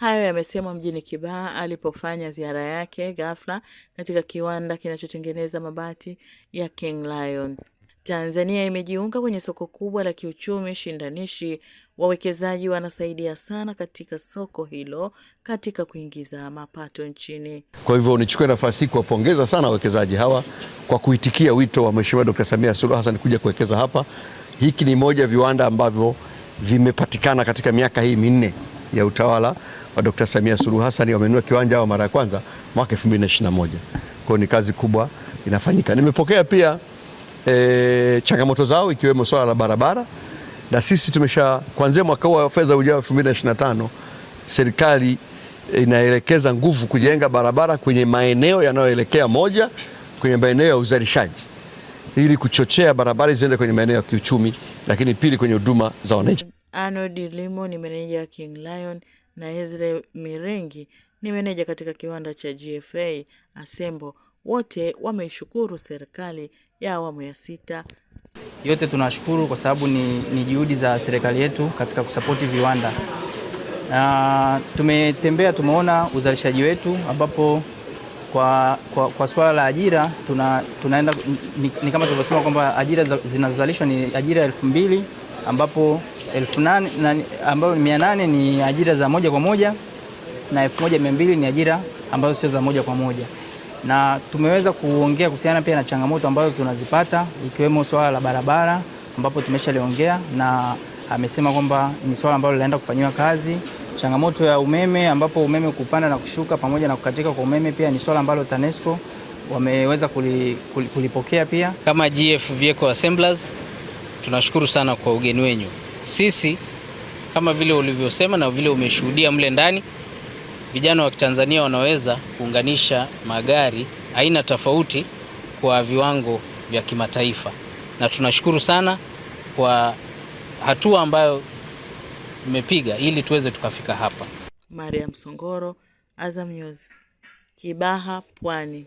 Hayo yamesemwa mjini kibaa alipofanya ziara yake ghafla katika kiwanda kinachotengeneza mabati ya King Lion. Tanzania imejiunga kwenye soko kubwa la kiuchumi shindanishi. Wawekezaji wanasaidia sana katika soko hilo katika kuingiza mapato nchini. Kwa hivyo nichukue nafasi hii kuwapongeza sana wawekezaji hawa kwa kuitikia wito wa Mheshimiwa Dkt. Samia Suluhu Hassan kuja kuwekeza hapa. Hiki ni moja viwanda ambavyo vimepatikana katika miaka hii minne ya utawala wa Dr. Samia Suluhu Hassan wamenunua kiwanja hao mara ya kwanza mwaka 2021. Kwa hiyo ni kazi kubwa inafanyika. Nimepokea pia e, changamoto zao ikiwemo swala la barabara na sisi tumesha kuanzia mwaka huu wa fedha ujao 2025 serikali e, inaelekeza nguvu kujenga barabara kwenye maeneo yanayoelekea moja kwenye maeneo ya uzalishaji ili kuchochea barabara ziende kwenye maeneo ya kiuchumi, lakini pili kwenye huduma za wananchi. Arnold Limo ni meneja wa King Lion na Ezra Mirengi ni meneja katika kiwanda cha GFA Asembo, wote wameishukuru serikali ya awamu ya sita. Yote tunashukuru kwa sababu ni, ni juhudi za serikali yetu katika kusapoti viwanda na tumetembea, tumeona uzalishaji wetu ambapo kwa, kwa, kwa swala la ajira tuna, tunaenda ni, ni kama tulivyosema kwamba ajira zinazozalishwa ni ajira elfu mbili ambapo elfu nane ambayo mia nane ni ajira za moja kwa moja na elfu moja mia mbili ni ajira ambazo sio za moja kwa moja, na tumeweza kuongea kuhusiana pia na changamoto ambazo tunazipata ikiwemo swala la barabara ambapo tumeshaliongea na amesema kwamba ni swala ambalo linaenda kufanyiwa kazi. Changamoto ya umeme ambapo umeme kupanda na kushuka pamoja na kukatika kwa umeme pia ni swala ambalo TANESCO wameweza kulipokea pia kama GF Vehicle Assemblers tunashukuru sana kwa ugeni wenyu. Sisi kama vile ulivyosema na vile umeshuhudia mle ndani, vijana wa Kitanzania wanaweza kuunganisha magari aina tofauti kwa viwango vya kimataifa, na tunashukuru sana kwa hatua ambayo mmepiga ili tuweze tukafika hapa. Mariam Songoro, Azam News, Kibaha, Pwani.